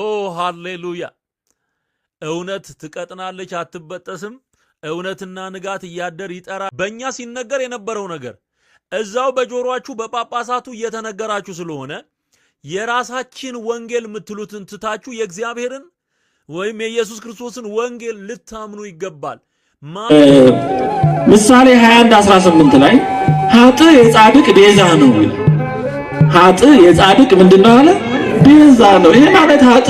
ኦ ሃሌሉያ! እውነት ትቀጥናለች አትበጠስም። እውነትና ንጋት እያደር ይጠራል። በእኛ ሲነገር የነበረው ነገር እዛው በጆሮአችሁ በጳጳሳቱ እየተነገራችሁ ስለሆነ የራሳችን ወንጌል የምትሉትን ትታችሁ የእግዚአብሔርን ወይም የኢየሱስ ክርስቶስን ወንጌል ልታምኑ ይገባል። ምሳሌ 21 18 ላይ ሀጥ የጻድቅ ቤዛ ነው ሀጥ የጻድቅ ነው አለ ቤዛ ነው። ይህ ማለት አጥ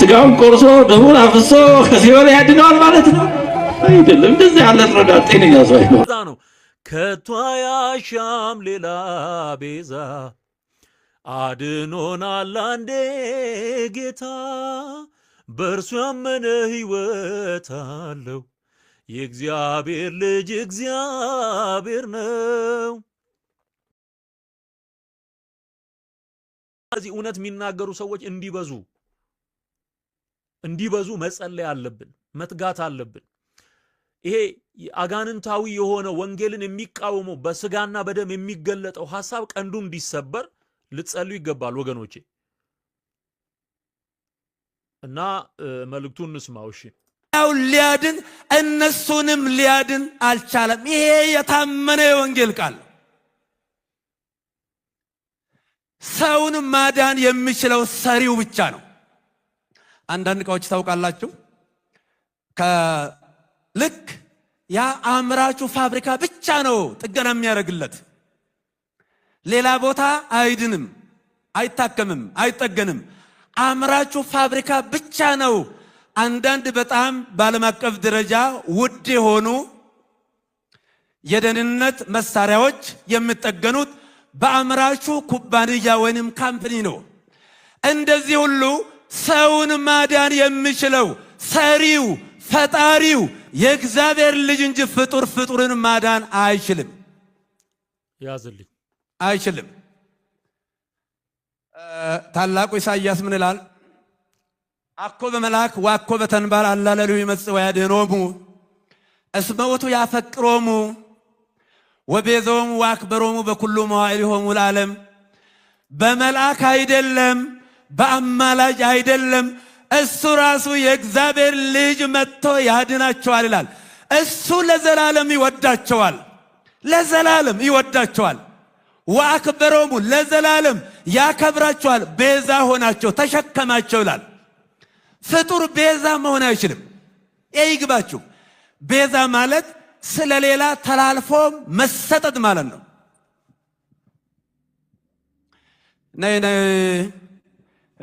ስጋውን ቆርሶ ደሙን አፍሶ ከሲኦል ያድነዋል ማለት ነው አይደለም። እንደዚህ ያለ ረዳ ጤነኛ ሰው አይኖር ነው። ከቷያ ሻም ሌላ ቤዛ አድኖናል አንዴ ጌታ በእርሱ ያመነ ሕይወት አለው። የእግዚአብሔር ልጅ እግዚአብሔር ነው። ስለዚህ እውነት የሚናገሩ ሰዎች እንዲበዙ እንዲበዙ መጸለይ አለብን፣ መትጋት አለብን። ይሄ አጋንንታዊ የሆነ ወንጌልን የሚቃወመው በስጋና በደም የሚገለጠው ሐሳብ ቀንዱ እንዲሰበር ልትጸሉ ይገባል ወገኖቼ። እና መልእክቱን እንስማው። እሺ ሊያድን እነሱንም ሊያድን አልቻለም። ይሄ የታመነ የወንጌል ቃል ሰውን ማዳን የሚችለው ሰሪው ብቻ ነው። አንዳንድ እቃዎች ታውቃላችሁ፣ ከልክ ያ አምራቹ ፋብሪካ ብቻ ነው ጥገና የሚያደርግለት። ሌላ ቦታ አይድንም፣ አይታከምም፣ አይጠገንም። አምራቹ ፋብሪካ ብቻ ነው አንዳንድ በጣም በዓለም አቀፍ ደረጃ ውድ የሆኑ የደህንነት መሳሪያዎች የሚጠገኑት በአምራቹ ኩባንያ ወይንም ካምፕኒ ነው። እንደዚህ ሁሉ ሰውን ማዳን የሚችለው ሰሪው ፈጣሪው የእግዚአብሔር ልጅ እንጂ ፍጡር ፍጡርን ማዳን አይችልም፣ ያዝልኝ አይችልም። ታላቁ ኢሳይያስ ምን ይላል? አኮ በመልአክ ዋኮ በተንባር አላለሉ ይመጽእ ወያድኅኖሙ እስመ ውእቱ ያፈቅሮሙ ወቤዘውም ወአክበሮሙ በኩሉ መዋዕሊሆሙ ለዓለም በመልአክ አይደለም፣ በአማላጅ አይደለም፣ እሱ ራሱ የእግዚአብሔር ልጅ መጥቶ ያድናቸዋል ይላል። እሱ ለዘላለም ይወዳቸዋል፣ ለዘላለም ይወዳቸዋል። ወአክበሮሙ ለዘላለም ያከብራቸዋል። ቤዛ ሆናቸው፣ ተሸከማቸው ይላል። ፍጡር ቤዛ መሆን አይችልም። ይግባችሁ። ቤዛ ማለት ስለ ሌላ ተላልፎ መሰጠት ማለት ነው። ነይ ነይ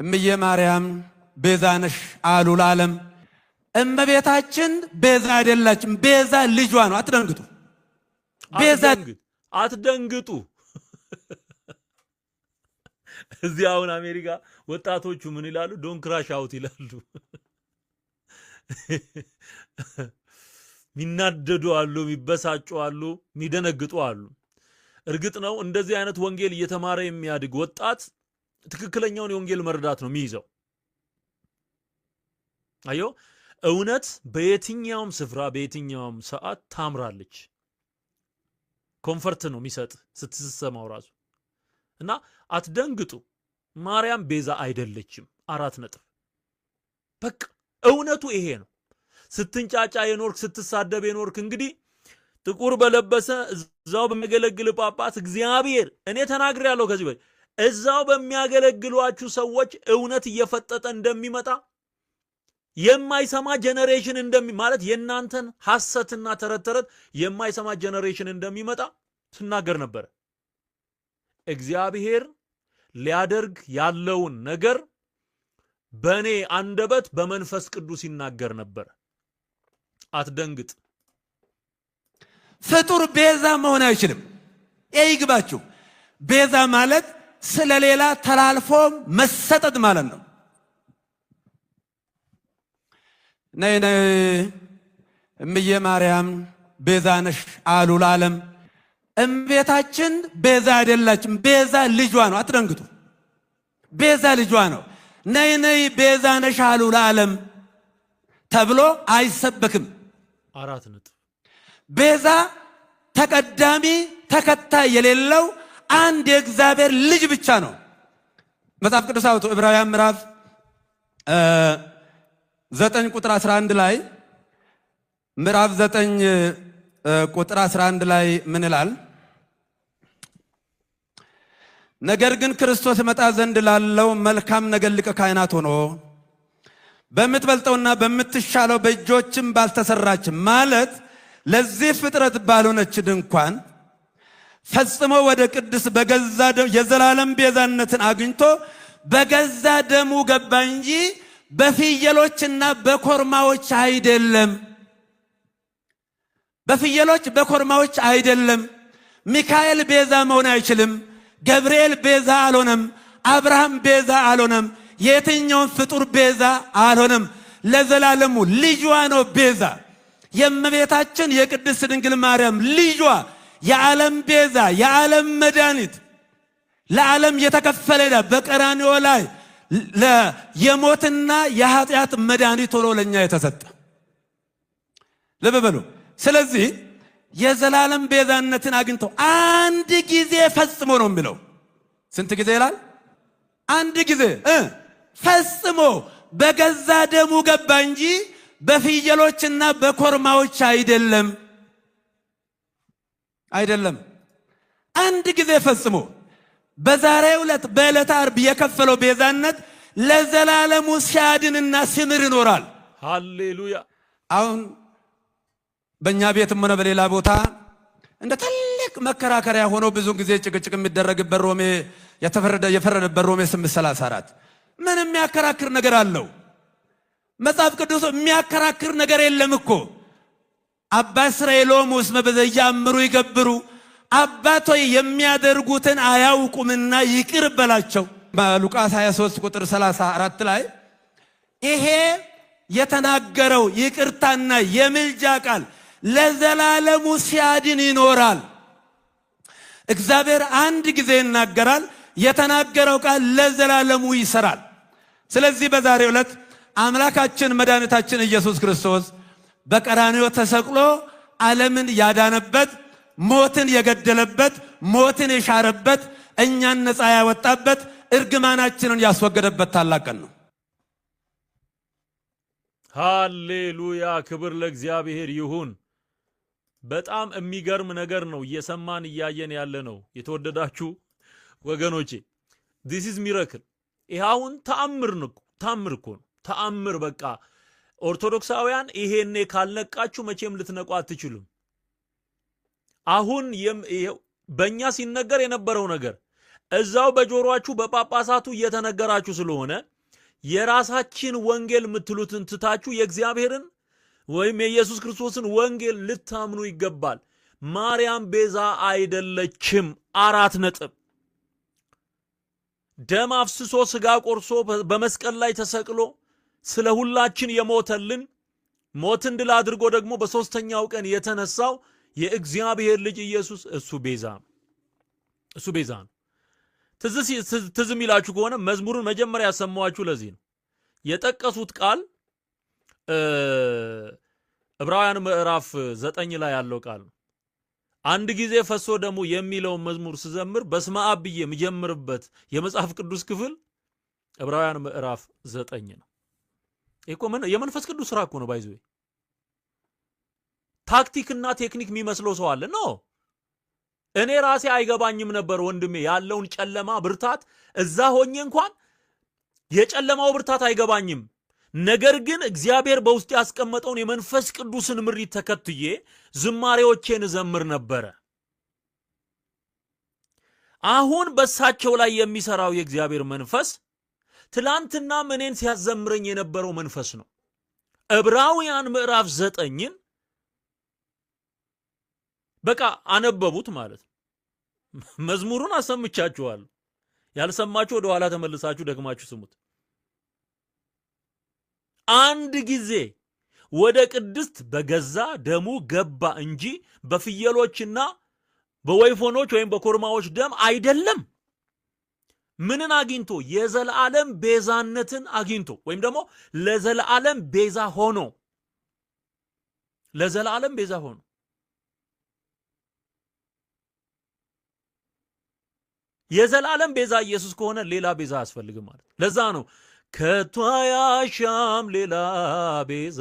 እምዬ ማርያም ቤዛ ነሽ አሉ ለዓለም። እመቤታችን ቤዛ አይደላችም፣ ቤዛ ልጇ ነው። አትደንግጡ፣ ቤዛ አትደንግጡ። እዚህ አሁን አሜሪካ ወጣቶቹ ምን ይላሉ? ዶንክራሽ አውት ይላሉ። ሚናደዱ አሉ፣ ሚበሳጩ አሉ፣ ሚደነግጡ አሉ። እርግጥ ነው እንደዚህ አይነት ወንጌል እየተማረ የሚያድግ ወጣት ትክክለኛውን የወንጌል መረዳት ነው የሚይዘው። አዮ እውነት በየትኛውም ስፍራ በየትኛውም ሰዓት ታምራለች። ኮንፈርት ነው የሚሰጥ ስትሰማው ራሱ እና አትደንግጡ። ማርያም ቤዛ አይደለችም። አራት ነጥብ። በቃ እውነቱ ይሄ ነው። ስትንጫጫ የኖርክ ስትሳደብ የኖርክ እንግዲህ ጥቁር በለበሰ እዛው በሚያገለግል ጳጳስ እግዚአብሔር እኔ ተናግር ያለው ከዚህ በፊት እዛው በሚያገለግሏችሁ ሰዎች እውነት እየፈጠጠ እንደሚመጣ የማይሰማ ጀነሬሽን እንደሚ ማለት የእናንተን ሐሰትና ተረት ተረት የማይሰማ ጀኔሬሽን እንደሚመጣ ስናገር ነበር። እግዚአብሔር ሊያደርግ ያለውን ነገር በእኔ አንደበት በመንፈስ ቅዱስ ይናገር ነበር። አትደንግጥ። ፍጡር ቤዛ መሆን አይችልም። ይህ ይግባችሁ። ቤዛ ማለት ስለሌላ ተላልፎ መሰጠት ማለት ነው። ነይ ነይ እምዬ ማርያም ቤዛ ነሽ አሉ ለዓለም። እምቤታችን ቤዛ አይደላችም። ቤዛ ልጇ ነው። አትደንግጡ። ቤዛ ልጇ ነው። ነይ ነይ ቤዛ ነሽ አሉ ለዓለም ተብሎ አይሰበክም። አራት ነጥብ ቤዛ ተቀዳሚ ተከታይ የሌለው አንድ የእግዚአብሔር ልጅ ብቻ ነው። መጽሐፍ ቅዱስ አውቶ ዕብራውያን ምዕራፍ ዘጠኝ ቁጥር 11 ላይ ምዕራፍ ዘጠኝ ቁጥር 11 ላይ ምን ይላል? ነገር ግን ክርስቶስ መጣ ዘንድ ላለው መልካም ነገር ሊቀ ካህናት ሆኖ በምትበልጠውና በምትሻለው በእጆችም ባልተሰራች ማለት ለዚህ ፍጥረት ባልሆነች ድንኳን ፈጽሞ ወደ ቅድስ በገዛ የዘላለም ቤዛነትን አግኝቶ በገዛ ደሙ ገባ እንጂ በፍየሎችና በኮርማዎች አይደለም። በፍየሎች በኮርማዎች አይደለም። ሚካኤል ቤዛ መሆን አይችልም። ገብርኤል ቤዛ አልሆነም። አብርሃም ቤዛ አልሆነም። የትኛውን ፍጡር ቤዛ አልሆነም። ለዘላለሙ ልጇ ነው ቤዛ። የእመቤታችን የቅድስት ድንግል ማርያም ልጇ የዓለም ቤዛ፣ የዓለም መድኃኒት፣ ለዓለም የተከፈለ ዕዳ በቀራንዮ ላይ የሞትና የኃጢአት መድኃኒት ሆኖ ለእኛ የተሰጠ ልብ በሉ። ስለዚህ የዘላለም ቤዛነትን አግኝቶ አንድ ጊዜ ፈጽሞ ነው የሚለው። ስንት ጊዜ ይላል? አንድ ጊዜ ፈጽሞ በገዛ ደሙ ገባ እንጂ በፍየሎችና በኮርማዎች አይደለም አይደለም። አንድ ጊዜ ፈጽሞ በዛሬ ዕለት በዕለተ ዓርብ የከፈለው ቤዛነት ለዘላለሙ ሲያድንና ሲምር ይኖራል። ሃሌሉያ። አሁን በእኛ ቤትም ሆነ በሌላ ቦታ እንደ ትልቅ መከራከሪያ ሆኖ ብዙ ጊዜ ጭቅጭቅ የሚደረግበት ሮሜ የፈረደበት ሮሜ 834 ምን የሚያከራክር ነገር አለው? መጽሐፍ ቅዱስ የሚያከራክር ነገር የለም እኮ። አባ እስራኤሎም ውስመ በዘያእምሩ ይገብሩ፣ አባት የሚያደርጉትን አያውቁምና ይቅር በላቸው። በሉቃስ 23 ቁጥር 34 ላይ ይሄ የተናገረው ይቅርታና የምልጃ ቃል ለዘላለሙ ሲያድን ይኖራል። እግዚአብሔር አንድ ጊዜ ይናገራል። የተናገረው ቃል ለዘላለሙ ይሰራል። ስለዚህ በዛሬ ዕለት አምላካችን መድኃኒታችን ኢየሱስ ክርስቶስ በቀራንዮ ተሰቅሎ ዓለምን ያዳነበት፣ ሞትን የገደለበት፣ ሞትን የሻረበት፣ እኛን ነፃ ያወጣበት፣ እርግማናችንን ያስወገደበት ታላቅ ቀን ነው። ሃሌሉያ! ክብር ለእግዚአብሔር ይሁን። በጣም የሚገርም ነገር ነው እየሰማን እያየን ያለ ነው። የተወደዳችሁ ወገኖቼ ዲስ ኢዝ ሚረክል ይኸውን ተአምር ተአምር እኮ ነው። ተአምር በቃ ኦርቶዶክሳውያን ይሄኔ ካልነቃችሁ መቼም ልትነቁ አትችሉም። አሁን በእኛ ሲነገር የነበረው ነገር እዛው በጆሮአችሁ በጳጳሳቱ እየተነገራችሁ ስለሆነ የራሳችን ወንጌል የምትሉትን ትታችሁ የእግዚአብሔርን ወይም የኢየሱስ ክርስቶስን ወንጌል ልታምኑ ይገባል። ማርያም ቤዛ አይደለችም። አራት ነጥብ ደም አፍስሶ ስጋ ቆርሶ በመስቀል ላይ ተሰቅሎ ስለ ሁላችን የሞተልን ሞትን ድል አድርጎ ደግሞ በሶስተኛው ቀን የተነሳው የእግዚአብሔር ልጅ ኢየሱስ እሱ ቤዛ እሱ ቤዛ ነው። ትዝ የሚላችሁ ከሆነ መዝሙሩን መጀመሪያ ያሰማኋችሁ ለዚህ ነው። የጠቀሱት ቃል ዕብራውያን ምዕራፍ ዘጠኝ ላይ ያለው ቃል ነው። አንድ ጊዜ ፈሶ ደሙ የሚለውን መዝሙር ስዘምር በስመ አብ ብዬ የምጀምርበት የመጽሐፍ ቅዱስ ክፍል ዕብራውያን ምዕራፍ ዘጠኝ ነው። ምን የመንፈስ ቅዱስ ስራ እኮ ነው። ባይዘዌ ታክቲክና ቴክኒክ የሚመስለው ሰው አለ ነው። እኔ ራሴ አይገባኝም ነበር ወንድሜ፣ ያለውን ጨለማ ብርታት እዛ ሆኜ እንኳን የጨለማው ብርታት አይገባኝም ነገር ግን እግዚአብሔር በውስጥ ያስቀመጠውን የመንፈስ ቅዱስን ምሪት ተከትዬ ዝማሬዎቼን እዘምር ነበረ። አሁን በእሳቸው ላይ የሚሰራው የእግዚአብሔር መንፈስ ትላንትና እኔን ሲያዘምረኝ የነበረው መንፈስ ነው። ዕብራውያን ምዕራፍ ዘጠኝን በቃ አነበቡት ማለት ነው። መዝሙሩን አሰምቻችኋለሁ። ያልሰማችሁ ወደ ኋላ ተመልሳችሁ ደግማችሁ ስሙት። አንድ ጊዜ ወደ ቅድስት በገዛ ደሙ ገባ እንጂ በፍየሎችና በወይፎኖች ወይም በኮርማዎች ደም አይደለም። ምንን አግኝቶ? የዘለዓለም ቤዛነትን አግኝቶ ወይም ደግሞ ለዘለዓለም ቤዛ ሆኖ ለዘለዓለም ቤዛ ሆኖ የዘላለም ቤዛ ኢየሱስ ከሆነ ሌላ ቤዛ አያስፈልግም ማለት ለዛ ነው ከቷ ያሻም ሌላ ቤዛ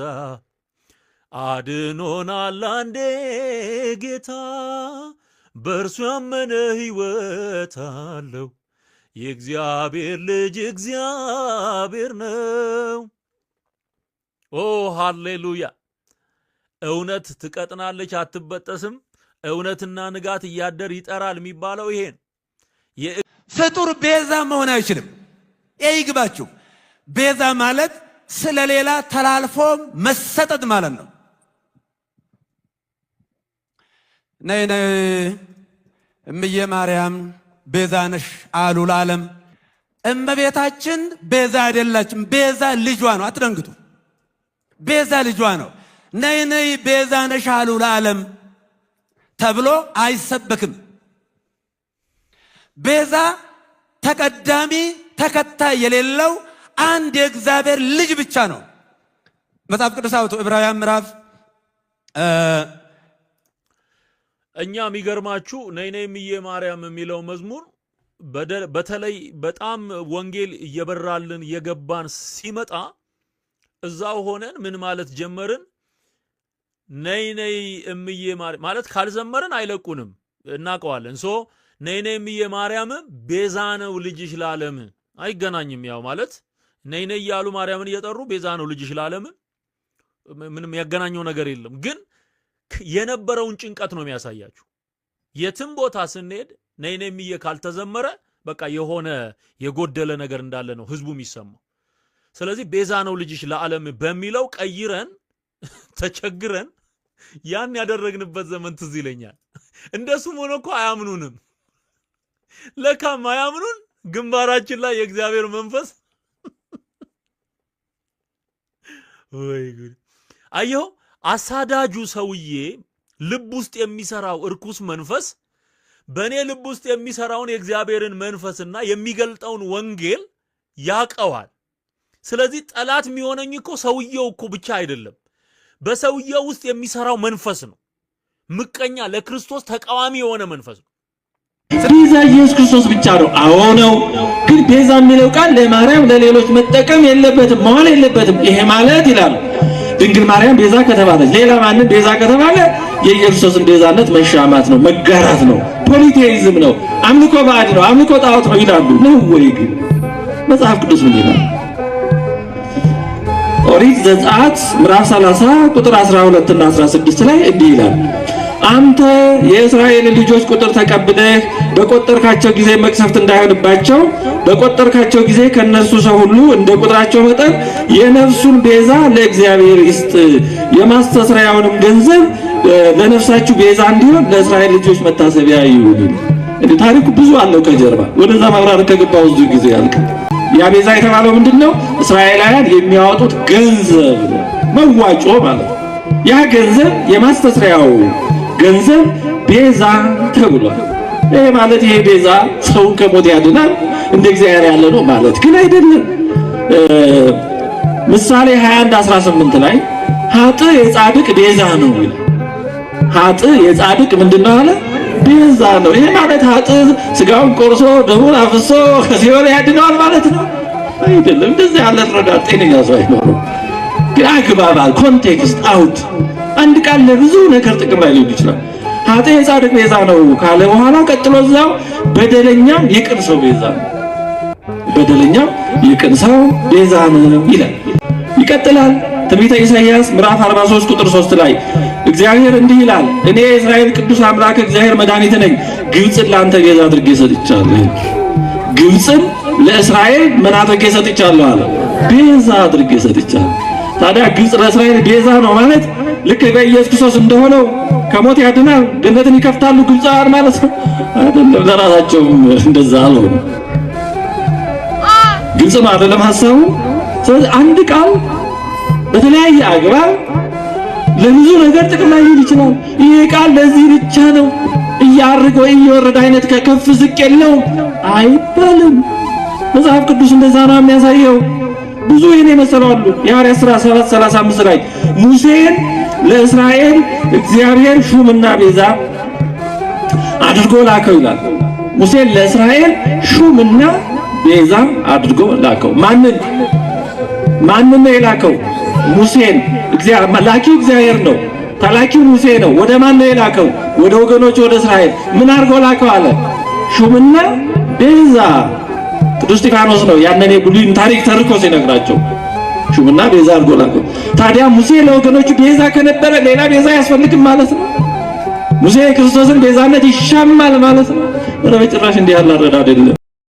አድኖናል አንዴ ጌታ በእርሱ ያመነ ሕይወት አለው። የእግዚአብሔር ልጅ እግዚአብሔር ነው። ኦ ሃሌሉያ! እውነት ትቀጥናለች አትበጠስም። እውነትና ንጋት እያደር ይጠራል የሚባለው ይሄን ፍጡር ቤዛ መሆን አይችልም። ይግባችሁ። ቤዛ ማለት ስለሌላ ተላልፎ መሰጠት ማለት ነው። ነይ ነይ እምዬ ማርያም ቤዛ ነሽ አሉ ለዓለም። እመቤታችን ቤዛ አይደላችም። ቤዛ ልጇ ነው። አትደንግጡ። ቤዛ ልጇ ነው። ነይ ነይ ቤዛ ነሽ አሉ ለዓለም ተብሎ አይሰበክም። ቤዛ ተቀዳሚ ተከታይ የሌለው አንድ የእግዚአብሔር ልጅ ብቻ ነው። መጽሐፍ ቅዱስ አውቶ ዕብራውያን ምዕራፍ እኛ የሚገርማችሁ ነይነ ነይ ማርያም የሚለው መዝሙር በተለይ በጣም ወንጌል እየበራልን እየገባን ሲመጣ እዛው ሆነን ምን ማለት ጀመርን? ነይ ነይ እምዬ ማርያም ማለት ካልዘመርን አይለቁንም፣ እናውቀዋለን። ሶ ነይ ነይ እምዬ ማርያም ቤዛ ነው ልጅሽ ላለም አይገናኝም። ያው ማለት ነይ ነይ እያሉ ማርያምን እየጠሩ ቤዛ ነው ልጅሽ ለዓለም ምንም ያገናኘው ነገር የለም። ግን የነበረውን ጭንቀት ነው የሚያሳያችሁ። የትም ቦታ ስንሄድ ነይ ነይ የሚዬ ካልተዘመረ በቃ የሆነ የጎደለ ነገር እንዳለ ነው ህዝቡ የሚሰማው። ስለዚህ ቤዛ ነው ልጅሽ ለዓለም በሚለው ቀይረን ተቸግረን ያን ያደረግንበት ዘመን ትዝ ይለኛል። እንደሱም ሆነ እኮ አያምኑንም። ለካም አያምኑን ግንባራችን ላይ የእግዚአብሔር መንፈስ አየኸው፣ አሳዳጁ ሰውዬ ልብ ውስጥ የሚሰራው እርኩስ መንፈስ በእኔ ልብ ውስጥ የሚሰራውን የእግዚአብሔርን መንፈስና የሚገልጠውን ወንጌል ያቀዋል። ስለዚህ ጠላት የሚሆነኝ እኮ ሰውየው እኮ ብቻ አይደለም፣ በሰውየው ውስጥ የሚሰራው መንፈስ ነው። ምቀኛ፣ ለክርስቶስ ተቃዋሚ የሆነ መንፈስ ነው። ስለዚህ ኢየሱስ ክርስቶስ ብቻ ነው። አዎ ነው። ቤዛ የሚለው ቃል ለማርያም ለሌሎች መጠቀም የለበትም መዋል የለበትም። ይሄ ማለት ይላሉ ድንግል ማርያም ቤዛ ከተባለች ሌላ ማንም ቤዛ ከተባለ የኢየሱስን ቤዛነት መሻማት ነው፣ መጋራት ነው፣ ፖሊቴይዝም ነው፣ አምልኮ ባዕድ ነው፣ አምልኮ ጣዖት ነው ይላሉ። ነው ወይ ግን መጽሐፍ ቅዱስ ምን ይላል? ኦሪት ዘጸአት ምዕራፍ 30 ቁጥር 12 እና 16 ላይ እንዲህ ይላል አንተ የእስራኤልን ልጆች ቁጥር ተቀብለህ በቆጠርካቸው ጊዜ መቅሰፍት እንዳይሆንባቸው በቆጠርካቸው ጊዜ ከነሱ ሰው ሁሉ እንደ ቁጥራቸው መጠን የነፍሱን ቤዛ ለእግዚአብሔር ይስጥ፣ የማስተስሪያውንም ገንዘብ ለነፍሳችሁ ቤዛ እንዲሆን ለእስራኤል ልጆች መታሰቢያ ይሁን። እንዴ ታሪኩ ብዙ አለው ከጀርባ ወደዛ ማብራር ከገባው ብዙ ጊዜ ያልቅ። ያ ቤዛ የተባለው ምንድነው? እስራኤላውያን የሚያወጡት ገንዘብ መዋጮ ማለት ያ ገንዘብ የማስተስሪያው ገንዘብ ቤዛ ተብሏል። ይሄ ማለት ይሄ ቤዛ ሰውን ከሞት ያድናል እንደ እግዚአብሔር ያለ ነው ማለት ግን አይደለም። ምሳሌ 21 18 ላይ ሀጥ የጻድቅ ቤዛ ነው ሀጥ የጻድቅ ምንድነው አለ ቤዛ ነው። ይሄ ማለት ሀጥ ስጋውን ቆርሶ ደሙን አፍሶ ከሲኦል ያድነዋል ማለት ነው አይደለም። እንደዚህ ያለ ረዳት ጤነኛ ሰው አይኖርም። ግን አግባባል ኮንቴክስት አውት አንድ ቃል ለብዙ ነገር ጥቅም ላይ ሊሆን ይችላል። ኃጤ የጻድቅ ቤዛ ነው ካለ በኋላ ቀጥሎ እዛው በደለኛም የቅን ሰው ቤዛ ነው፣ በደለኛም የቅን ሰው ቤዛ ነው ይላል። ይቀጥላል። ትንቢተ ኢሳይያስ ምዕራፍ 43 ቁጥር 3 ላይ እግዚአብሔር እንዲህ ይላል፣ እኔ የእስራኤል ቅዱስ አምላክ እግዚአብሔር መድኃኒት ነኝ፣ ግብፅን ለአንተ ቤዛ አድርጌ ሰጥቻለሁ። ግብፅን ለእስራኤል ምን አድርጌ ሰጥቻለሁ አለ፣ ቤዛ አድርጌ ሰጥቻለሁ። ታዲያ ግብፅ ለእስራኤል ቤዛ ነው ማለት ልክ በኢየሱስ ክርስቶስ እንደሆነው ከሞት ያድናል፣ ገነትን ይከፍታሉ። ግብፃውያን ማለት ነው አይደለም። ለራሳቸውም እንደዛ አሉ። ግልጽ ነው አይደለም ሀሳቡ። ስለዚህ አንድ ቃል በተለያየ አግባብ ለብዙ ነገር ጥቅም ላይ ሊውል ይችላል። ይሄ ቃል ለዚህ ብቻ ነው እያርግ ወይ እየወረደ አይነት ከከፍ ዝቅ የለው አይባልም። መጽሐፍ ቅዱስ እንደዛ ነው የሚያሳየው። ብዙ ይህን የመሰሉ አሉ። የሐዋርያት ሥራ 7 35 ላይ ሙሴን ለእስራኤል እግዚአብሔር ሹምና ቤዛ አድርጎ ላከው ይላል። ሙሴ ለእስራኤል ሹምና ቤዛ አድርጎ ላከው። ማንን ማንን ነው የላከው? ሙሴን። ላኪው እግዚአብሔር ነው። ተላኪው ሙሴ ነው። ወደ ማን ነው የላከው? ወደ ወገኖች፣ ወደ እስራኤል። ምን አድርጎ ላከው አለ? ሹምና ቤዛ። ቅዱስ እስጢፋኖስ ነው ያንን የብሉይን ታሪክ ተርኮ ሲነግራቸው አልሾምና ቤዛ አድርጎ ታዲያ ሙሴ ለወገኖቹ ቤዛ ከነበረ ሌላ ቤዛ አያስፈልግም ማለት ነው። ሙሴ የክርስቶስን ቤዛነት ይሻማል ማለት ነው። ኧረ በጭራሽ እንዲህ ያለ አረዳ አይደለም።